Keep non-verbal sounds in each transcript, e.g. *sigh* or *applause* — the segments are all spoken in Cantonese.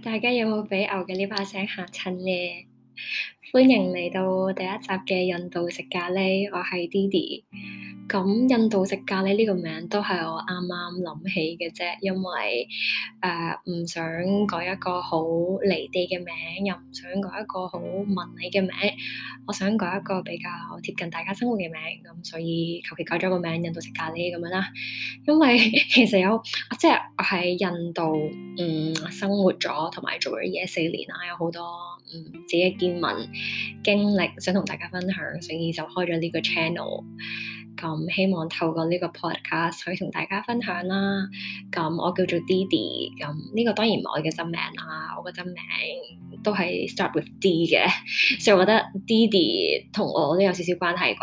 大家有冇俾牛嘅呢把聲嚇親呢？歡迎嚟到第一集嘅印度食咖喱，我係 Didi。咁印度食咖喱呢個名都係我啱啱諗起嘅啫，因為誒唔、呃、想改一個好離地嘅名，又唔想改一個好文藝嘅名，我想改一個比較貼近大家生活嘅名，咁所以求其改咗個名，印度食咖喱咁樣啦。因為其實有即係我喺印度嗯生活咗同埋做咗嘢四年啦，有好多嗯自己見聞經歷想同大家分享，所以就開咗呢個 channel。咁希望透過呢個 podcast 去同大家分享啦。咁、嗯、我叫做 Didi，咁、嗯、呢、這個當然唔係我嘅真名啦。我嘅真名都係 start with D 嘅， *laughs* 所以我覺得 Didi 同我都有少少關係啩。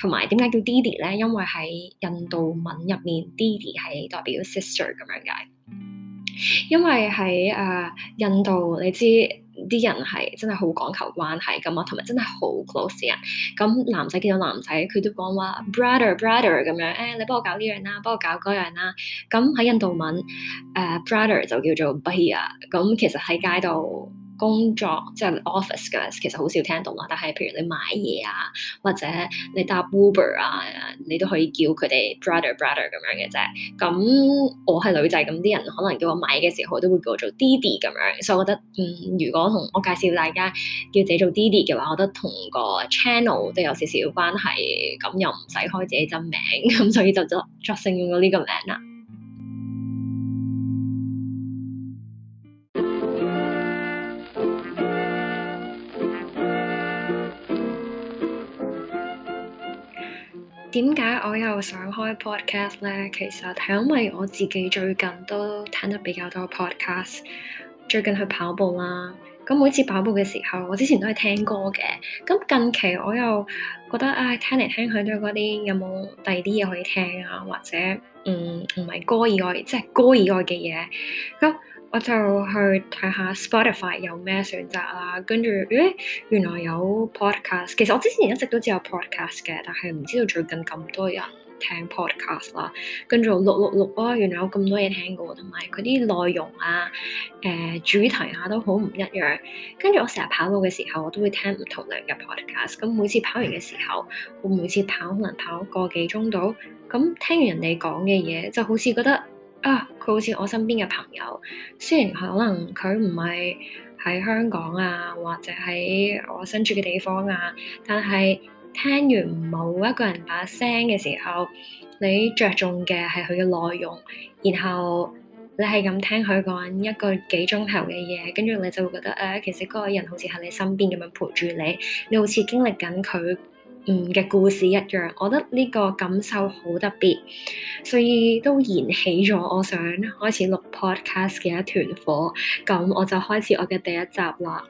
同埋點解叫 Didi 咧？因為喺印度文入面，Didi 係代表 sister 咁樣嘅，因為喺誒、呃、印度你知。啲人係真係好講求關係噶嘛，同埋真係好 close 嘅人。咁男仔見到男仔，佢都講話 br brother brother 咁樣，誒、欸、你幫我搞呢樣啦、啊，幫我搞嗰樣啦、啊。咁喺印度文誒、uh, brother 就叫做 bhaiya。咁其實喺街度。工作即係 office 嘅，其實好少聽到啦。但係譬如你買嘢啊，或者你搭 Uber 啊，你都可以叫佢哋 br brother brother 咁樣嘅啫。咁我係女仔，咁啲人可能叫我買嘅時候，都會叫我做 Didi 咁樣。所以我覺得，嗯，如果同我介紹大家叫自己做 Didi 嘅話，我覺得同個 channel 都有少少關係。咁又唔使開自己真名，咁所以就作作性用咗呢個名啦。點解我又想開 podcast 咧？其實係因為我自己最近都聽得比較多 podcast，最近去跑步啦。咁每次跑步嘅時候，我之前都係聽歌嘅。咁近期我又覺得唉，聽嚟聽去都係嗰啲，有冇第二啲嘢可以聽啊？或者嗯，唔係歌以外，即係歌以外嘅嘢咁。我就去睇下 Spotify 有咩選擇啦，跟住誒原來有 podcast，其實我之前一直都知有 podcast 嘅，但係唔知道最近咁多人聽 podcast 啦，跟住我 look look look 啊，原來有咁多嘢聽過，同埋佢啲內容啊，誒、呃、主題啊都好唔一樣。跟住我成日跑步嘅時候，我都會聽唔同類嘅 podcast，咁每次跑完嘅時候，我每次跑可能跑個幾鐘度。咁聽完人哋講嘅嘢，就好似覺得～啊！佢好似我身邊嘅朋友，雖然可能佢唔係喺香港啊，或者喺我身處嘅地方啊，但係聽完某一個人把聲嘅時候，你着重嘅係佢嘅內容，然後你係咁聽佢講一個幾鐘頭嘅嘢，跟住你就會覺得啊，其實嗰個人好似喺你身邊咁樣陪住你，你好似經歷緊佢。嗯、嘅故事一樣，我覺得呢個感受好特別，所以都燃起咗我想開始錄 podcast 嘅一團火。咁我就開始我嘅第一集啦。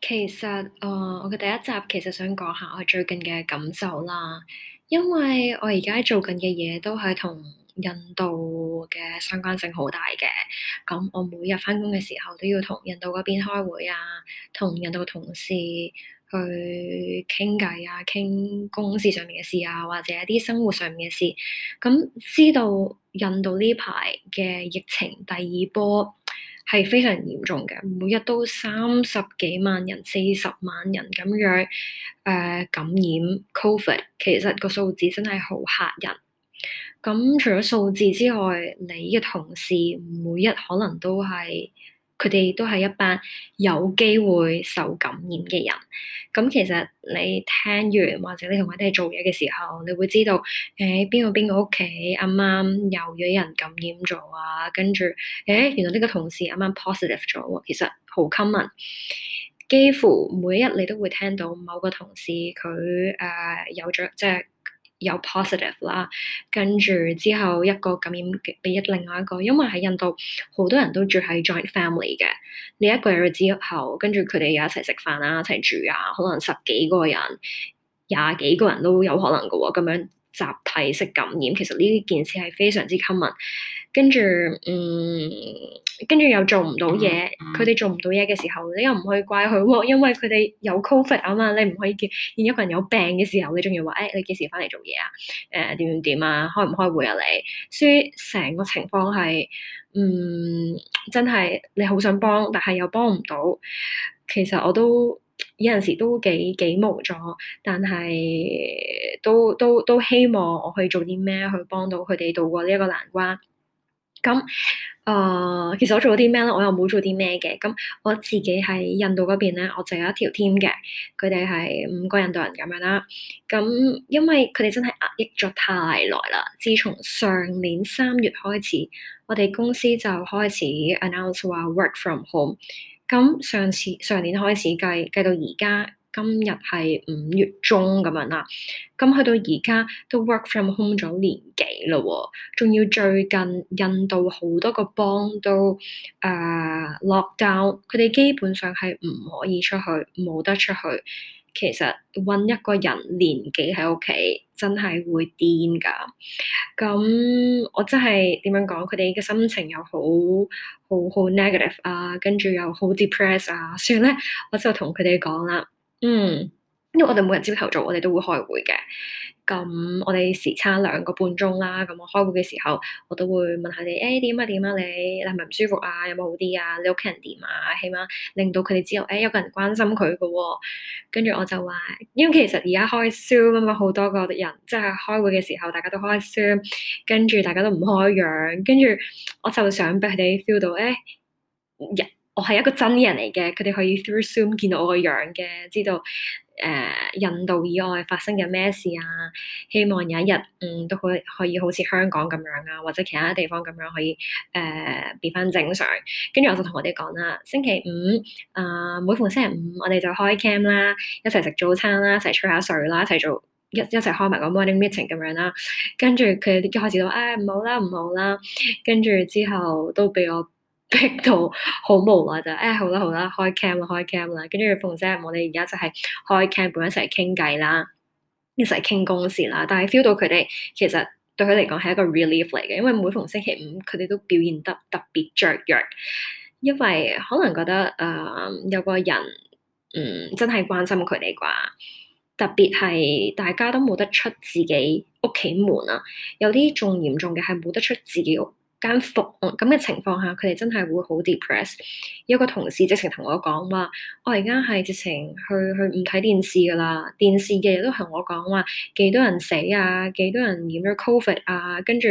其實，誒、呃，我嘅第一集其實想講下我最近嘅感受啦，因為我而家做緊嘅嘢都係同，印度嘅相關性好大嘅，咁、嗯、我每日翻工嘅時候都要同印度嗰邊開會啊，同印度嘅同事去傾偈啊，傾公事上面嘅事啊，或者一啲生活上面嘅事。咁、嗯、知道印度呢排嘅疫情第二波係非常嚴重嘅，每日都三十幾萬人、四十萬人咁樣誒、呃、感染 COVID，其實個數字真係好嚇人。咁、嗯、除咗數字之外，你嘅同事每日可能都係佢哋都係一班有機會受感染嘅人。咁、嗯、其實你聽完或者你同佢哋做嘢嘅時候，你會知道誒邊、欸、個邊個屋企啱啱又有人感染咗啊！跟住誒原來呢個同事啱啱 positive 咗喎，其實好 common，幾乎每一日你都會聽到某個同事佢誒、呃、有咗即係。有 positive 啦，跟住之後一個感染俾一另外一個，因為喺印度好多人都住喺 joint family 嘅，呢一個月之後跟住佢哋又一齊食飯啊、一齊住啊，可能十幾個人、廿幾個人都有可能嘅喎，咁樣集體式感染，其實呢件事係非常之 common。跟住，嗯，跟住又做唔到嘢。佢哋、嗯、做唔到嘢嘅時候，你又唔可以怪佢、哦，因為佢哋有 COVID 啊嘛。你唔可以見見一個人有病嘅時候，你仲要話，誒、哎，你幾時翻嚟做嘢啊？誒、呃，點點點啊，開唔開會啊？你，所以成個情況係，嗯，真係你好想幫，但係又幫唔到。其實我都有陣時都幾幾無助，但係都都都，都希望我可以做去做啲咩去幫到佢哋渡過呢一個難關。咁誒、呃，其實我做咗啲咩咧，我又冇做啲咩嘅。咁我自己喺印度嗰邊咧，我就有一條 team 嘅，佢哋係五個印度人咁樣啦。咁因為佢哋真係壓抑咗太耐啦，自從上年三月開始，我哋公司就開始 announce 話 work from home。咁上次上年開始計計到而家。今日係五月中咁樣啦，咁、嗯、去到而家都 work from home 咗年幾啦，仲要最近印度好多個邦都誒、uh, lock down，佢哋基本上係唔可以出去，冇得出去。其實揾一個人年幾喺屋企，真係會癲㗎。咁、嗯、我真係點樣講？佢哋嘅心情又好好好 negative 啊，跟住又好 depress 啊。所以咧，我就同佢哋講啦。嗯，因為我哋每日朝頭早我哋都會開會嘅，咁、嗯、我哋時差兩個半鐘啦，咁、嗯、我開會嘅時候，我都會問下你，誒、欸、點啊點啊你，你係咪唔舒服啊，有冇好啲啊，你屋企人點啊，起碼令到佢哋知道，誒、欸、有個人關心佢嘅喔，跟住我就話，因為其實而家開 Zoom 咁嘛，好多個人，即係開會嘅時候大家都開 Zoom，跟住大家都唔開樣，跟住我就想俾佢哋 feel 到，誒、欸，日。我係一個真人嚟嘅，佢哋可以 through Zoom 見到我個樣嘅，知道誒印度以外發生嘅咩事啊！希望有一日嗯都可以可以好似香港咁樣啊，或者其他地方咁樣可以誒、呃、變翻正常。跟住我就同佢哋講啦，星期五啊、呃，每逢星期五我哋就開 cam 啦，一齊食早餐啦，一齊吹下水啦，一齊做一一齊開埋個 morning meeting 咁樣啦。跟住佢一開始都話誒唔好啦，唔好啦，跟住之後都俾我。逼到好無奈，哎，好好就誒好啦好啦，開 cam 啦，開 cam 啦，跟住逢星期五，我哋而家就係開 cam，本一齊傾偈啦，一齊傾公事啦。但係 feel 到佢哋其實對佢嚟講係一個 relief 嚟嘅，因為每逢星期五佢哋都表現得特別脆弱，因為可能覺得誒、呃、有個人嗯真係關心佢哋啩，特別係大家都冇得出自己屋企門啊，有啲仲嚴重嘅係冇得出自己屋。間房咁嘅情況下，佢哋真係會好 depressed。有個同事直情同我講話，我而家係直情去去唔睇電視㗎喇，電視嘅嘢都同我講話幾多人死啊，幾多人染咗 COVID 啊，跟住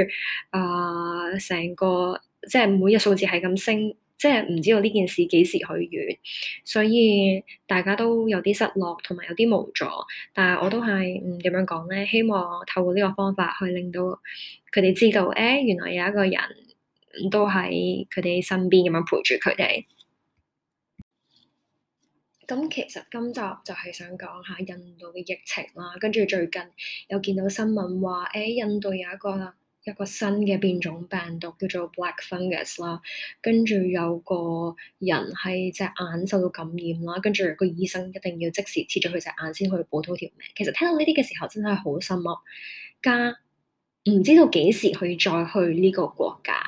啊成個即係每日數字係咁升。即係唔知道呢件事幾時去完，所以大家都有啲失落同埋有啲無助。但係我都係點、嗯、樣講咧？希望透過呢個方法去令到佢哋知道，誒、欸、原來有一個人都喺佢哋身邊咁樣陪住佢哋。咁其實今集就係想講下印度嘅疫情啦，跟住最近有見到新聞話，誒、欸、印度有一個啦。一個新嘅變種病毒叫做 Black Fungus 啦，跟住有個人係隻眼受到感染啦，跟住個醫生一定要即時切咗佢隻眼先去保到條命。其實聽到呢啲嘅時候真，真係好心噏，加唔知道幾時去再去呢個國家，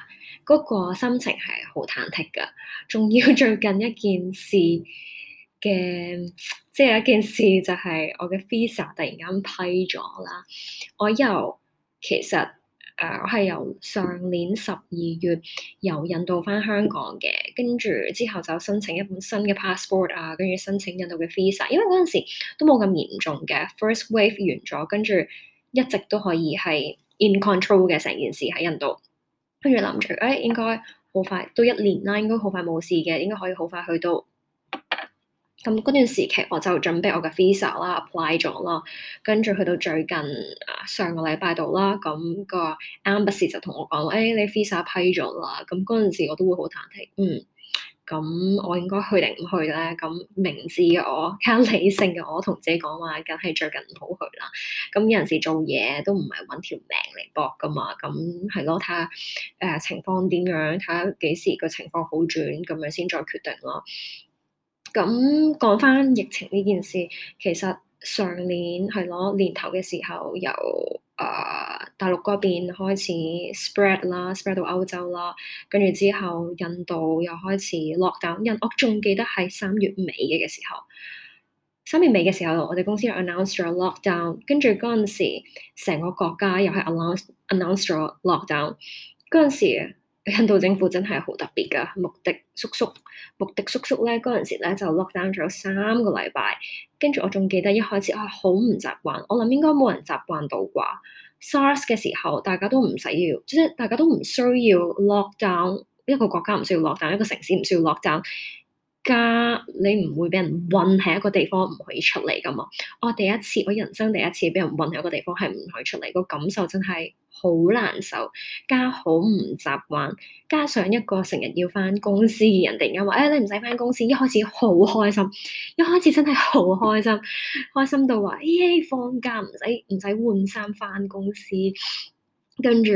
嗰、嗰個心情係好忐忑㗎。仲要最近一件事嘅，即係一件事就係我嘅 Visa 突然間批咗啦，我又其實。.誒，uh, 我係由上年十二月由印度翻香港嘅，跟住之後就申請一本新嘅 passport 啊，跟住申請印度嘅 visa，因為嗰陣時都冇咁嚴重嘅 first wave 完咗，跟住一直都可以係 in control 嘅成件事喺印度，跟住諗住誒應該好快都一年啦，應該好快冇事嘅，應該可以好快去到。咁嗰段時期，我就準備我嘅 visa 啦，apply 咗啦。跟住去到最近上個禮拜度啦，咁、那個 ambassador 就同我講，誒、哎，你 visa 批咗啦。咁嗰陣時我都會好忐忑，嗯。咁我應該去定唔去咧？咁明智嘅我，比較理性嘅我，同自己講話，梗係最近唔好去啦。咁有陣時做嘢都唔係揾條命嚟搏噶嘛。咁係咯，睇下誒、呃、情況點樣，睇下幾時個情況好轉，咁樣先再決定咯。咁講翻疫情呢件事，其實上年係攞年頭嘅時候，由啊、呃、大陸嗰邊開始 spread 啦，spread 到歐洲啦，跟住之後印度又開始 lockdown 印，我仲記得係三月尾嘅時候，三月尾嘅時候我哋公司又 announce 咗 lockdown，跟住嗰陣時成個國家又係 ann announce announce 咗 lockdown 嗰陣時。印度政府真係好特別㗎，穆迪叔叔，穆迪叔叔咧，嗰陣時咧就 lockdown 咗三個禮拜，跟住我仲記得一開始我係好唔習慣，我諗應該冇人習慣到啩，SARS 嘅時候大家都唔使要，即係大家都唔需要 lockdown，一個國家唔需要 lockdown，一個城市唔需要 lockdown。家，你唔會俾人困喺一個地方唔可以出嚟噶嘛？我、哦、第一次，我人生第一次俾人困喺一個地方係唔可以出嚟，個感受真係好難受，加好唔習慣，加上一個成日要翻公司嘅人突然間話：誒、哎、你唔使翻公司，一開始好開心，一開始真係好開心， *laughs* 開心到話：咦、哎、放假唔使唔使換衫翻公司。跟住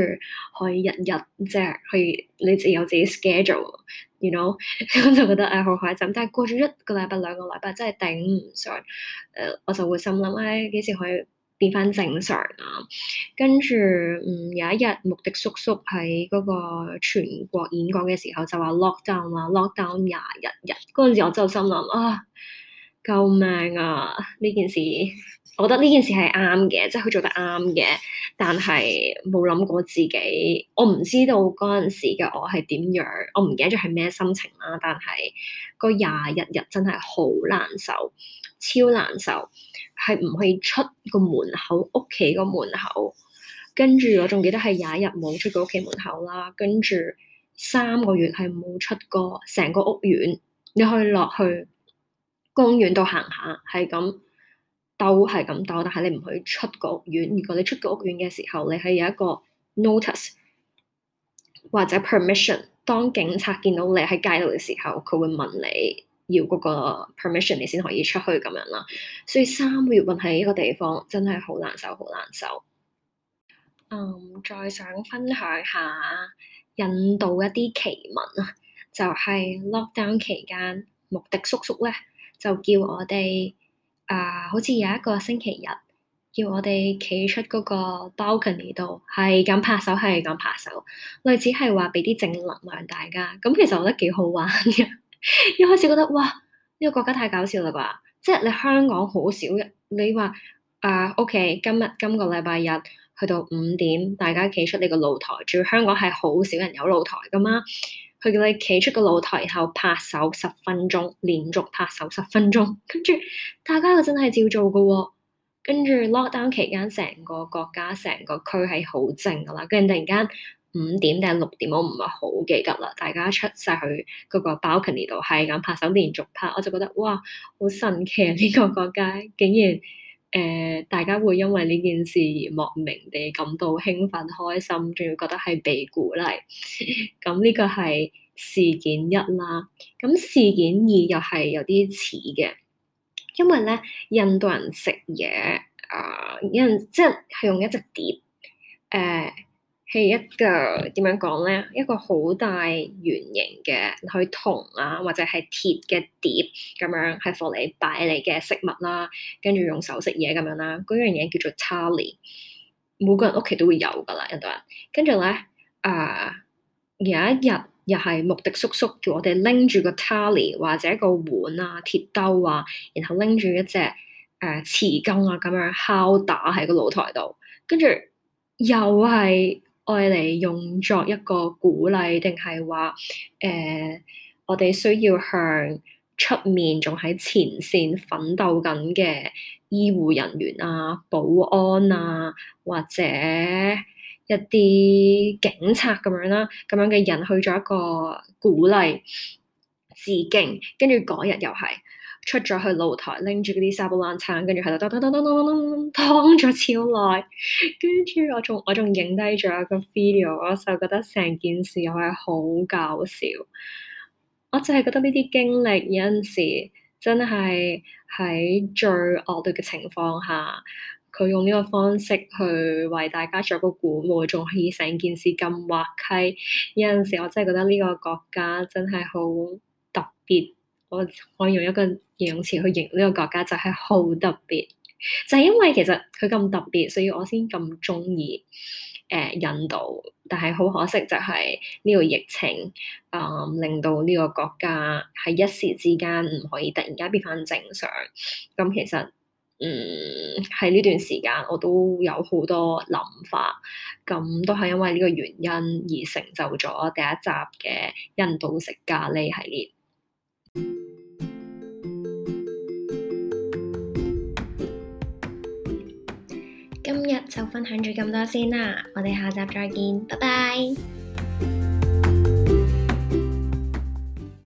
可以日日即係、就是、可以，你自己有自己 schedule，you know？我 *laughs* 就覺得誒好開心，但係過咗一個禮拜、兩個禮拜真係頂唔上，誒，我就會心諗誒，幾、哎、時可以變翻正常啊？跟住嗯有一日莫迪叔叔喺嗰個全國演講嘅時候就話 lock down 話 lock down 廿一日，嗰陣時我就心諗啊。救命啊！呢件事，我覺得呢件事係啱嘅，即係佢做得啱嘅，但係冇諗過自己，我唔知道嗰陣時嘅我係點樣，我唔記得咗係咩心情啦。但係嗰廿日日真係好難受，超難受，係唔可以出個門口，屋企個門口。跟住我仲記得係廿一日冇出過屋企門口啦，跟住三個月係冇出過，成個屋苑，你可以落去，公園度行下，係咁兜，係咁兜，但係你唔可以出個屋苑。如果你出個屋苑嘅時候，你係有一個 notice 或者 permission。當警察見到你喺街度嘅時候，佢會問你要嗰個 permission，你先可以出去咁樣啦。所以三個月困喺呢個地方，真係好難受，好難受。嗯，再想分享下印度一啲奇聞啊，就係 lockdown 期間，莫迪叔叔咧，就叫我哋啊、呃，好似有一個星期日，叫我哋企出嗰個 balcony 度，係咁拍手，係咁拍手，類似係話俾啲正能量大家。咁其實我覺得幾好玩嘅。一 *laughs* 開始覺得哇，呢個國家太搞笑啦啩！即係你香港好少人。你話啊，OK，今日今個禮拜日去到五點，大家企出呢個露台，住香港係好少人有露台噶嘛。佢叫你企出個露台後拍手十分鐘，連續拍手十分鐘。跟住大家又真係照做㗎喎、哦。跟住 lockdown 期間，成個國家、成個區係好靜㗎喇。跟住突然間五點定六點，我唔係好記得啦。大家出晒去嗰個 balcony 度係咁拍手，連續拍，我就覺得哇，好神奇、啊！呢、這個國家竟然～誒、呃，大家會因為呢件事而莫名地感到興奮、開心，仲要覺得係被鼓勵，咁 *laughs* 呢、嗯這個係事件一啦。咁、嗯、事件二又係有啲似嘅，因為咧印度人食嘢啊，人、呃、即係用一隻碟誒。呃係一個點樣講咧？一個好大圓形嘅、啊，佢銅啊或者係鐵嘅碟咁樣，係畀你擺你嘅飾物啦、啊，跟住用手食嘢咁樣啦，嗰樣嘢叫做 tally。每個人屋企都會有噶啦，印度人。跟住咧，誒、呃、有一日又係莫迪叔叔叫我哋拎住個 tally 或者一個碗啊、鐵兜啊，然後拎住一隻誒匙羹啊咁樣敲打喺個露台度，跟住又係。愛嚟用作一個鼓勵，定係話誒，我哋需要向出面仲喺前線奮鬥緊嘅醫護人員啊、保安啊，或者一啲警察咁樣啦，咁樣嘅人去做一個鼓勵、致敬，跟住嗰日又係。出咗去露台，拎住嗰啲沙煲罌罉，跟住喺度噹噹噹噹噹噹噹噹，噹咗超耐。跟住我仲我仲影低咗一個 video，我就覺得成件事我係好搞笑。我就係覺得呢啲經歷有陣時真係喺最惡劣嘅情況下，佢用呢個方式去為大家做一個鼓舞，仲可以成件事咁滑稽。有陣時我真係覺得呢個國家真係好特別。我可以用一個形容詞去形容呢個國家，就係、是、好特別。就係、是、因為其實佢咁特別，所以我先咁鍾意誒印度。但係好可惜就係呢個疫情，嗯，令到呢個國家喺一時之間唔可以突然間變返正常。咁、嗯、其實嗯，喺呢段時間我都有好多諗法。咁、嗯、都係因為呢個原因而成就咗第一集嘅印度食咖喱系列。今日就分享住咁多先啦，我哋下集再見，拜拜。